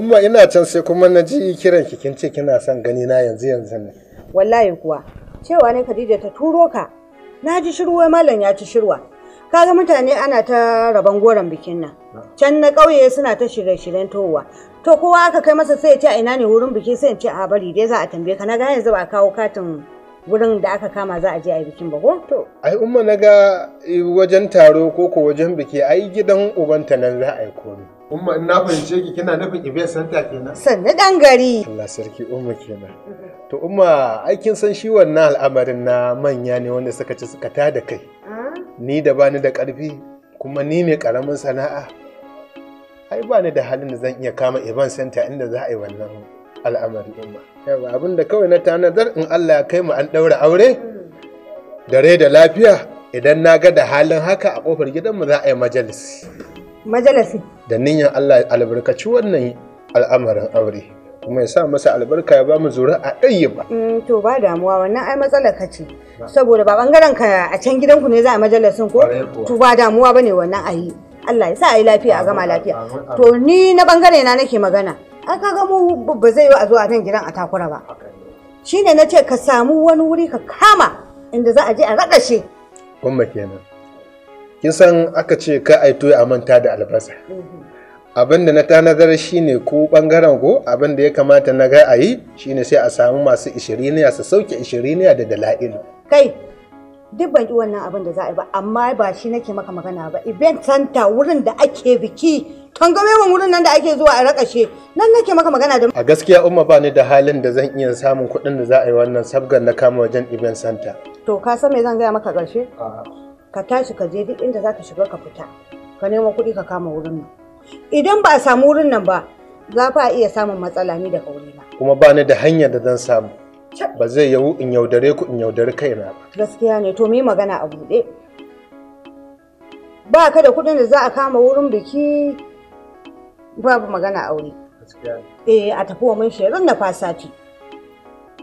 umma ina can sai kuma na ji kiran ki kin ce kina son gani na yanzu yanzu ne wallahi kuwa cewa ne Khadija ta turo ka na ji shirwa mallam ya ci shirwa kaga mutane ana ta raban goron bikin nan can na ƙauye suna ta shirye-shiryen towa to kowa aka kai masa sai ya ce a ina ne wurin biki sai ya ce a bari dai za a tambaye ka na ga yanzu ba kawo katin wurin da aka kama za a je a yi bikin ba ko? To, ai umma na ga eh, wajen taro ko ko wajen biki ai gidan ubanta nan za a yi komi. Umma ina na fahimce ki kina nufin Ibe Santa kenan. Sannu dan gari. Allah sarki umma kenan. To umma ai kin san shi wannan al'amarin na manya ne wanda suka ci suka ta da kai. Ah. Ni da bani da ƙarfi kuma ni ne ƙaramin sana'a. Ai bani da halin da zan iya kama Iban Santa inda za a yi wannan al'amari umma abin abinda kawai na ta nazar in Allah ya kai mu an ɗaura aure da rai da lafiya idan na ga da halin haka a kofar gidanmu za a yi majalisi majalisi da niyyar Allah ya albarkaci wannan al'amarin aure kuma ya sa masa albarka ya ba mu zura a ɗaya ba. Mm, to ba damuwa wannan ai matsalar ka ce. Saboda ba bangaren ka a can gidanku ne za a majalisin ko? To ba damuwa bane wannan ayi. Allah ya sa ayi lafiya a gama lafiya. To ni na bangare na nake magana. an ga mu ba zai yi a zo a nan gidan a takura ba shine na ce ka samu wani wuri ka kama inda za a je a shi. gwamma kenan kin san aka ce ka ai a manta da albasa mm-hmm. abin da na ta tanadar shine ko bangaren ko abin da ya kamata na ga ayi, yi shine sai a samu masu ishiriniya su sauke ishiriniya da dala'ilu kai duk ban ki wannan abin da za a yi ba amma ba shi nake maka magana ba event center wurin da ake biki tangame mun wurin nan da ake zuwa a rakashe nan nake maka magana da a gaskiya umma ba ni da halin da zan iya samun kuɗin da za a yi wannan sabgar na kama wajen event center to ka san me zan gaya maka karshe ka tashi ka je duk inda zaka shiga ka fita ka nemo kuɗi ka kama wurin nan idan ba a samu wurin nan ba za fa iya samun matsala ni da kauri ba kuma ba ni da hanyar da zan samu ba zai yawu in yaudare ku in yaudare kaina ba gaskiya ne to me magana a buɗe ba ka da kuɗin da za a kama wurin biki babu magana aure eh a tafi wa mun shirin na fasati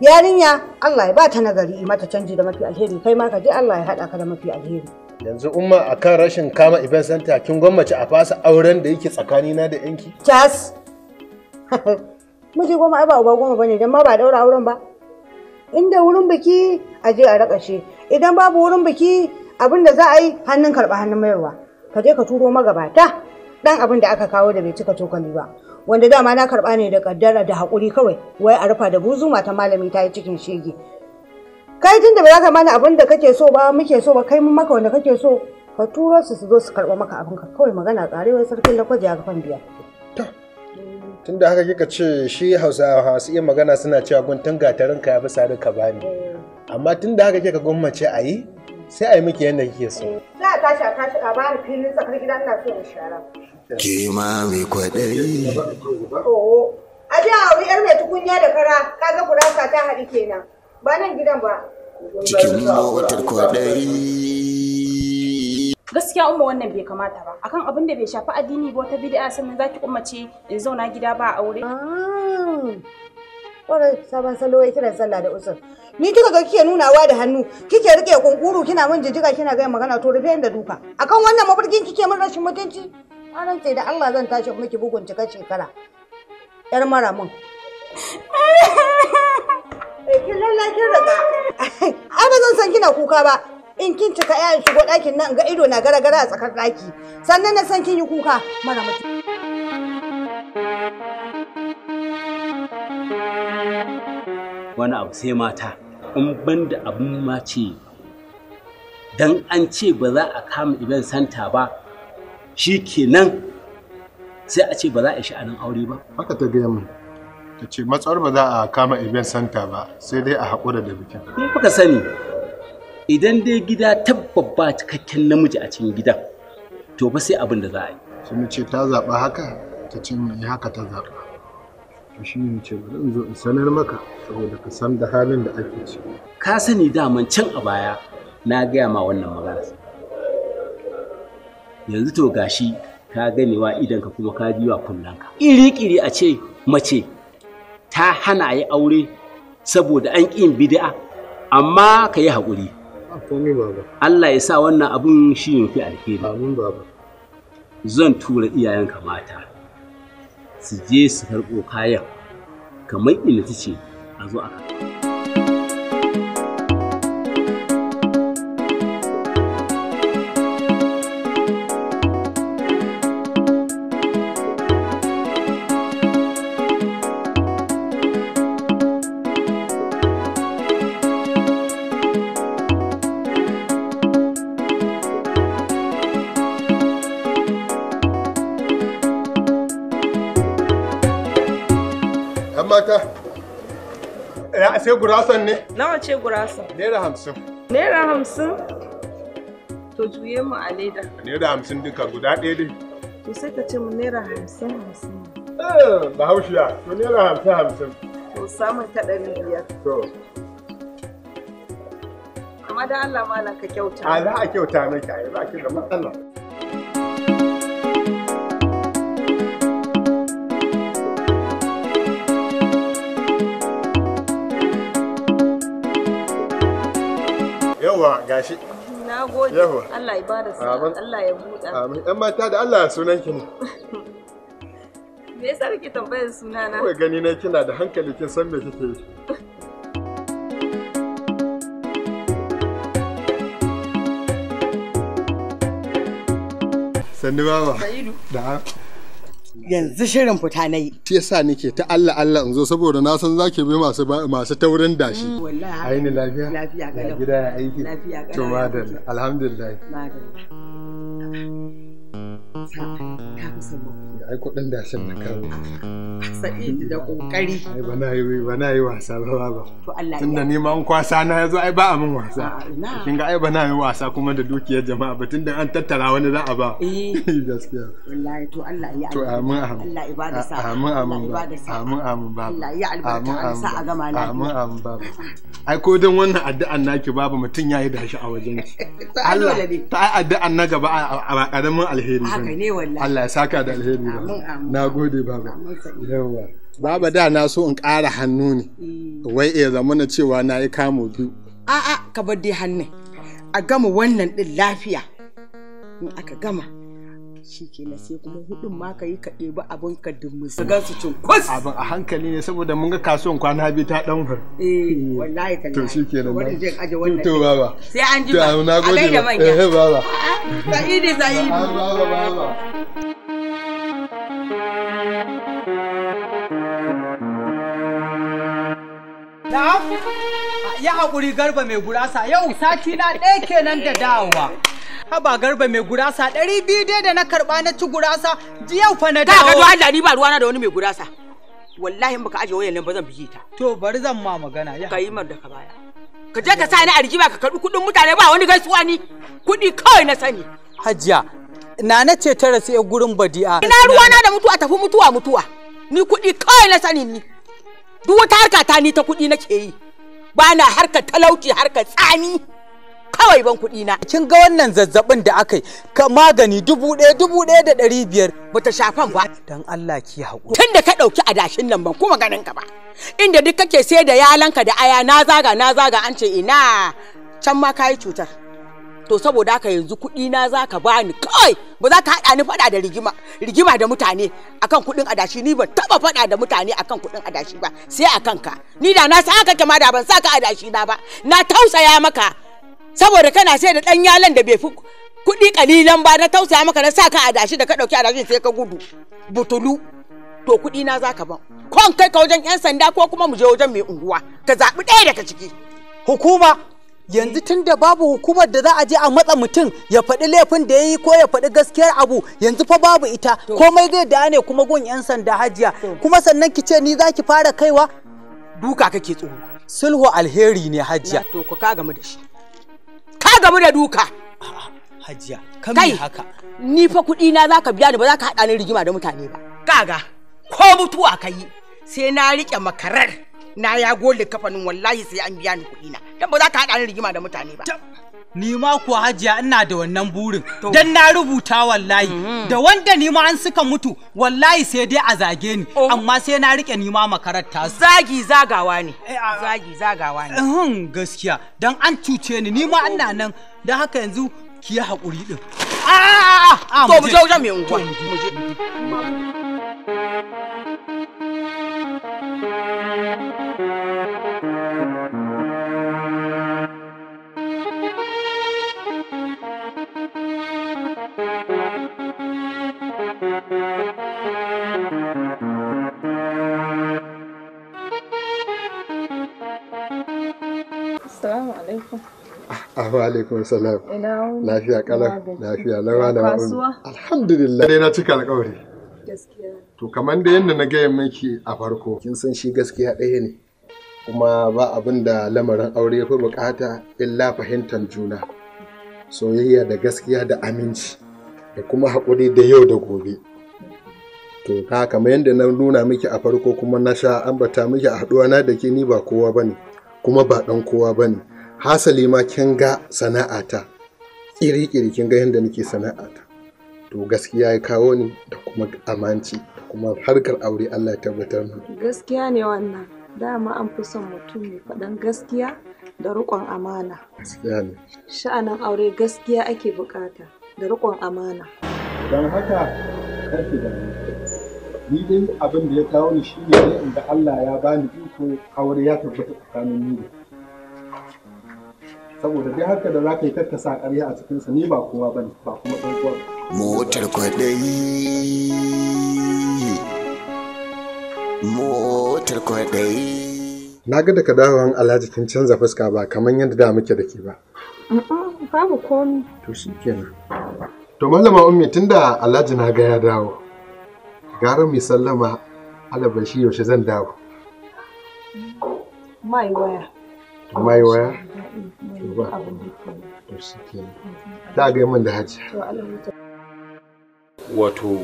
yarinya Allah ya ba ta nagari mata canji da mafi alheri kai ma ka je Allah ya haɗa ka da mafi alheri yanzu umma kan rashin kama event center kin gwammace a fasa auren da yake tsakanina da yanki cas miji goma ai ba uba goma bane dan ma ba daura auren ba inda wurin biki a je a rakashe idan babu wurin biki abin da za a yi hannun karɓa hannun mayarwa ka je ka turo magabata dan abin da aka kawo da bai cika cokali ba wanda dama na karɓa ne da kaddara da haƙuri kawai wai a rufa da buzu mata malami ta yi cikin shege kai tun da ba za ka mana abin da kake so ba muke so ba kai mun maka wanda kake so ka turo su su zo su karɓa maka abin ka kawai magana tsare wai sarkin lakwaji a kafan biyar tunda haka kika ce shi hausawa su iya magana suna cewa guntun gatarin ka ya fi sari ka bani mm. amma tunda haka kika gwammace a yi sai a yi miki yadda kike so za a tashi a tashi a bani filin tsakar gida ina so shara ke ma mai kwaɗayi a ji a wuri yar mai tukunya da kara kaga kurasa ta haɗi kenan ba nan gidan ba cikin mawatar kwaɗayi gaskiya umma wannan bai kamata ba akan abin da bai shafi addini ba wata bid'a sannan zaki umma ce in zauna gida ba aure kwarai ah, sabon salo ya kiran sallah da usul ni kika ga kike nunawa da hannu kike rike kunkuru kina min jijjiga kina ga magana to rufe da duka akan wannan mafarkin kike min rashin mutunci ranar sai da Allah zan tashi miki bugun cika shekara yar mara mun kin lalla kin riga ai ba zan san kina kuka ba in kin cika ya shigo ɗakin nan ga ido na gara gara a tsakar ɗaki sannan na san kin yi kuka mara mutu. wani abu sai mata in ban da abin mace dan an ce ba za a kama iban santa ba shi kenan sai a ce ba za a shi anan aure ba haka ta gaya mu ta ce matsawar ba za a kama iban santa ba sai dai a haƙura da bikin kuka sani idan dai gida tabbabba cikakken namiji a cikin gidan to ba sai abin da za a yi sun ce ta zaɓa haka ta ce mai eh haka ta zaɓa to shi ne ce bari in zo in sanar maka saboda ka san da halin da ake ci ka sani daman can a baya na gaya ma wannan magana yanzu to gashi ka ganewa ka kuma ka kullan ka iri kiri a ce mace ta hana yi aure saboda an ƙin bid'a amma ka yi haƙuri Allah ya sa wannan abun shi ne fi alheri. Amin baba. Zan tura iyayenka mata su je su karɓo kayan kamar ina ce a zo a sai gurasan ne? Nawa ce gurasan? Naira hamsin. Naira hamsin? To juye mu a leda. Naira hamsin duka guda ɗaya dai. To sai ka ce mu naira hamsin hamsin. Eh, bahaushiya, to naira hamsin hamsin. To samun ta ɗari biyar. To. Amma da Allah malam kyauta. A za a kyauta miki, a yi za ki da matsala. yawa gashi na gode Allah ya bada Allah ya buɗa amin mata da Allah sunan ki tambayar sunana kawai gani na kina da hankali kin san me kike da yanzu shirin fita na yi Ta yasa nake ta Allah Allah in zo saboda na san zaki bi masu masu taurin dashi mm, wallahi aini lafiya lafiya ga gida ya aiki lafiya to madalla alhamdulillah madalla ka fi san ai kudin dashin na kawo Sa'id da kokari. bana yi bana yi wasa ba ba. To Allah tunda ni ma an kwasa na yazo ai ba a wasa. Ah, Kin ga ai bana yi wasa kuma da dukiyar jama'a ba tunda an tattara wani za a ba. Eh gaskiya. Wallahi to Allah ya To amin amin. Allah ibada sa. Amin amin. Amin amin ba. Allah ya albarka sa a gama lafiya. Amin amin ba. Ai ko dan wannan addu'an naki babu yayi da shi a wajen ki. Allah ta ai addu'an na gaba a karamin alheri. Haka ne wallahi. Allah ya saka da alheri. Amin amin. Nagode baba. Amin. yawwa baba da na so in ƙara hannu ne eh. wai iya zama na cewa na yi kamo biyu a'a ka bar dai hannu, a gama wannan din lafiya in aka gama shi ke na sai kuma hudun ma ka yi ka ɗebi abin ka Ga su cin kwas! abin a hankali ne saboda mun ga kasuwan kwana biyu ta dan far eh wallahi tallahi to shi kenan wanda zai aje wannan to baba sai an ji ba to na gode eh, baba eh baba sa'idi sa'idi baba baba Na'am? Ya haƙuri garba mai gurasa yau sati na ɗaya kenan da dawowa. Haba garba mai gurasa ɗari biyu dai da na karɓa na ci gurasa yau fa na dawo. Ka ga Allah ni ba ruwana da wani mai gurasa. Wallahi baka aje wayar nan ba zan bige ta. To bari zan ma magana ya. Ka yi mar da ka baya. Ka je ka sa ni a rigima ka karɓi kuɗin mutane ba wani gaisuwa ni. Kuɗi kawai na sani. Hajiya, Nana ce ta rasu gurin badi'a. Ina ruwana da mutuwa tafi mutuwa mutuwa. Ni kuɗi kawai na sani ni. duk wata harka ta ni ta kuɗi nake yi ba na harkar talauci harkar tsami kawai ban kuɗi na kin ga wannan zazzabin da aka yi ka magani dubu ɗaya dubu ɗaya da ɗari biyar bata shafan ba dan Allah ki haƙuri tun ka ɗauki adashin nan ban kuma ganin ka ba inda duk kake sai da yalanka da aya na zaga na zaga an ce ina can ma kayi cutar to saboda haka yanzu kuɗi na za ka bani kawai ba za ka haɗa ni faɗa da rigima rigima da mutane akan kuɗin adashi ni ban taɓa faɗa da mutane akan kuɗin adashi ba sai a kanka ni da na sa haka kama da ban sa ka adashi na ba na tausaya maka saboda kana sai da ɗan yalan da bai fi kuɗi kalilan ba na tausaya maka na sa ka adashi da ka ɗauki adashi sai ka gudu butulu to kuɗi na za ka ban kon kai ka wajen 'yan sanda ko kuma mu je wajen mai unguwa ka zaɓi ɗaya daga ciki hukuma yanzu tun da babu hukumar da za a je a matsa mutum ya faɗi laifin da ya yi ko ya faɗi gaskiyar abu yanzu fa babu ita komai zai da ne kuma gun 'yan sanda hajiya kuma sannan ki ce ni za ki fara kaiwa duka kake tsoro sulhu alheri ne hajiya to ku ka gamu da shi ka gamu da duka hajiya kai haka ni fa kuɗi na za ka biya ni ba za ka haɗa ni rigima da mutane ba kaga ko mutuwa ka yi sai na riƙe makarar na ya gole kafanin wallahi sai an biya ni kuɗi na dan ba za ka haɗa ni rigima da mutane ba ni ma ku hajiya ina da wannan burin dan na rubuta wallahi mm-hmm. da wanda ni ma an suka mutu wallahi sai dai a zage ni oh. amma sai na rike ni ma makaranta zagi zagawa ne eh, zagi zagawa ne gaskiya dan an cuce ni ni ma oh. ina nan dan haka yanzu ki hakuri din to o je já mai unguwa Assalamu alaikum. Ah, ah, wa alaikum salam. lafiya kalar lafiya lawa da alhamdulillah dai na cika alƙawari to kamar da yadda na gaya miki a farko kin san shi gaskiya ɗaya ne kuma ba abin da lamarin aure ya fi bukata illa fahimtar juna soyayya da gaskiya da aminci da kuma haƙuri da yau da gobe to ka kamar yadda na nuna miki a farko kuma na sha ambata miki a haɗuwa na da ke ni ba kowa bane kuma ba ɗan kowa bane hasali ma kin ga sana'ata kiri-kiri kin ga nake sana'a ta to gaskiya ya kawo ni da kuma amanci da kuma harkar aure Allah ya tabbatar mu gaskiya ne wannan dama an fi son mutum mai faɗan gaskiya da riƙon amana gaskiya ne sha'anin aure gaskiya ake bukata da riƙon amana don haka karfi da ni dai abin da ya kawo ni shine ne inda Allah ya bani iko aure ya tabbata tsakanin ni da saboda dai haka da za ka yi tattasa ƙarya a cikinsa ni ba kowa ba ba kuma ɗan uwa motar kwaɗayi motar kwaɗayi na ga daga dawon alhaji kin canza fuska ba kamar yadda da muke da ke ba babu komi to shi kenan to malama ummi tunda alhaji na ga ya dawo gara mai sallama alabashi yaushe zan dawo mai waya amma waya to ba to shi ke da ga min da hajji wato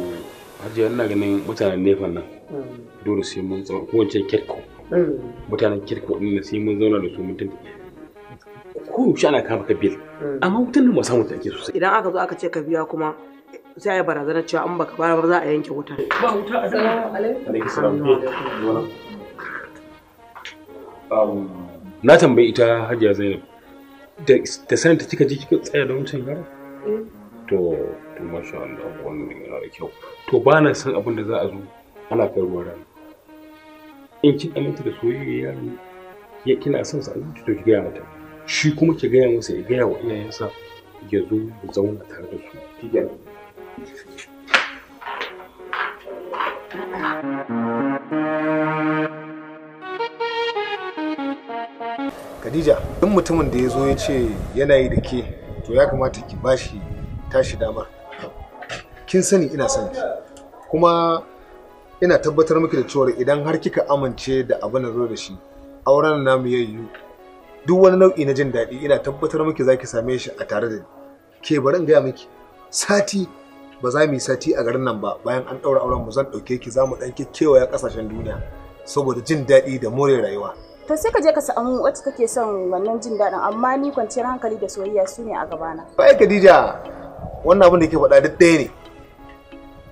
haji ina ganin mutanen nefan nan hmm. dole sai mun tsawon kowace kirko hmm. mutanen kirko din sai mun zauna da su mutum ko yaushe ana kama ka bil hmm. amma wutan nan ba samu take sosai idan aka zo aka ce ka biya kuma sai a yi barazana cewa an baka bara ba za a yanke wuta ba wuta a zama alaikum na tambayi ita hajiya zainab da sanin ta kika ji kika tsaya da wancan yaron eh. to to masha Allah wannan yana da kyau to ba na san abin da za a zo ana kai ruwa rana in kin aminta da soyayya yaro ya kina son sa abinci to ki gaya mata shi kuma ki gaya masa ya gaya wa iyayensa ya zo zauna tare da su Khadija in mutumin da ya zo ya ce yana yi da ke to ya kamata ki bashi tashi damar kin sani ina son ki kuma ina tabbatar miki da cewa idan har kika amince da abin da zo da shi auren namu ya yiwu duk wani nau'i na jin daɗi ina tabbatar miki za ki same shi a tare da ni ke bari in gaya miki sati ba za mu yi sati a garin nan ba bayan an ɗaura auren mu zan ɗauke ki za mu ɗan a ƙasashen duniya saboda jin daɗi da more rayuwa to sai ka je ka samu wacce kake son wannan jin daɗin amma ni kwanciyar hankali da soyayya su ne a gabana bai Khadija wannan abin da ke faɗa duk ɗaya ne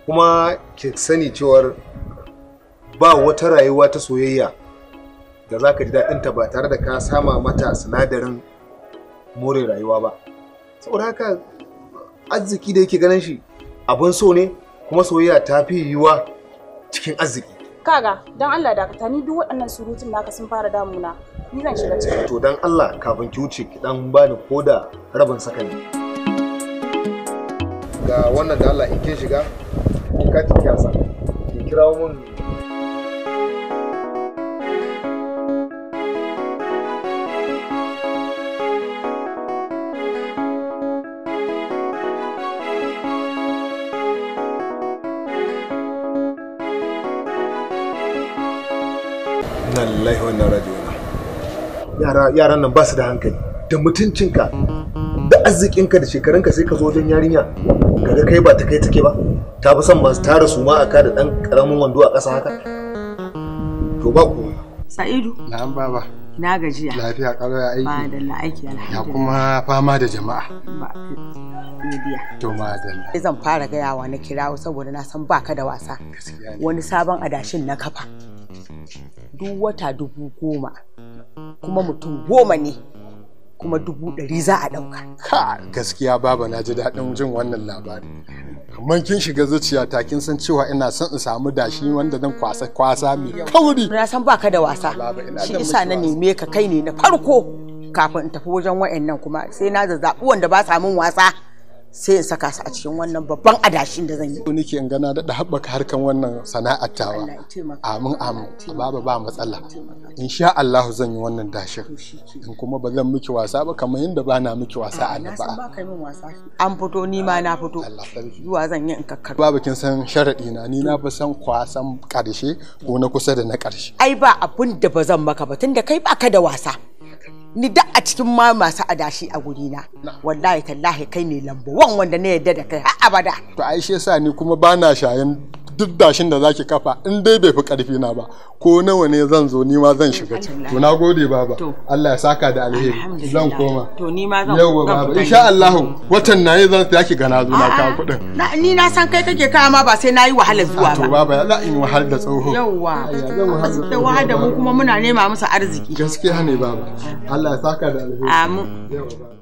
kuma ki sani cewar ba wata rayuwa ta soyayya da za ka ji daɗin ta ba tare da ka sama mata sinadarin more rayuwa ba saboda haka arziki da yake ganin shi abin so ne kuma soyayya ta fi yiwuwa cikin arziki kaga don Allah dakata ni duk waɗannan surutun naka sun fara damuna ni zan shiga ciki to don Allah kafin ki wuce ki dan bani koda rabin sakani ga wannan da Allah in kin shiga in ka ki kasa ki kirawo mun inna lillahi wa inna raji'un yara yaran nan ba su da hankali da mutuncinka da arzikinka da shekarunka sai ka zo wajen yarinya kaga kai ba ta kai take ba ta fi son masu tara su ma aka da dan karamin wando a ƙasa haka to ba ku sa'idu na'am baba na gajiya lafiya ƙaro ya aiki ba da la aiki alhamdulillah ya kuma fama da jama'a ba to ma da zan fara wa na kirawo saboda na san baka da wasa wani sabon adashin na kafa duk wata dubu goma kuma mutum goma ne kuma dubu ɗari za a ɗauka. Ha gaskiya baba na ji daɗin jin wannan labari. Kamar kin shiga zuciya ta kin san cewa ina son in samu dashi wanda zan kwasa kwasa mai kauri. Na san baka da wasa. Shi isa na neme ka kai ne na farko kafin in tafi wajen wa'annan kuma sai na zazzaɓi wanda ba sa min wasa. sai in saka su a cikin wannan babban adashin da zan yi. Ko nake in gana daɗa haɓaka harkan wannan sana'ar tawa. Amin amin. Baba ba matsala. In sha Allah zan yi wannan dashin. In kuma ba zan miki wasa ba kamar yadda ba na miki wasa a nan ba. An fito ni ma na fito. Zuwa zan yi in kakkar. Baba kin san sharaɗi na ni na fi san kwasan ƙarshe ko na kusa da na ƙarshe. Ai ba abin da ba zan maka ba tunda kai ba ka da wasa. ni da a cikin ma masu adashi a guri na wallahi tallahi kai ne lambo wan wanda na yadda da kai har abada to ai sa ni kuma bana shayan duk dashin da zaki kafa in dai bai fi karfi na ba ko nawa ne zan zo ni ma zan shiga to na gode baba Allah ya saka da alheri zan koma to ni ma zan yawa baba insha Allah watan nayi zan yaki ga na zo na kawo kuɗin ni na san kai kake kawo ma ba sai nayi wahalar zuwa ba to baba ya in wahal da tsoho yawa da wahal da mu kuma muna nema musu arziki gaskiya ne baba Allah ya saka da alheri amin yawa baba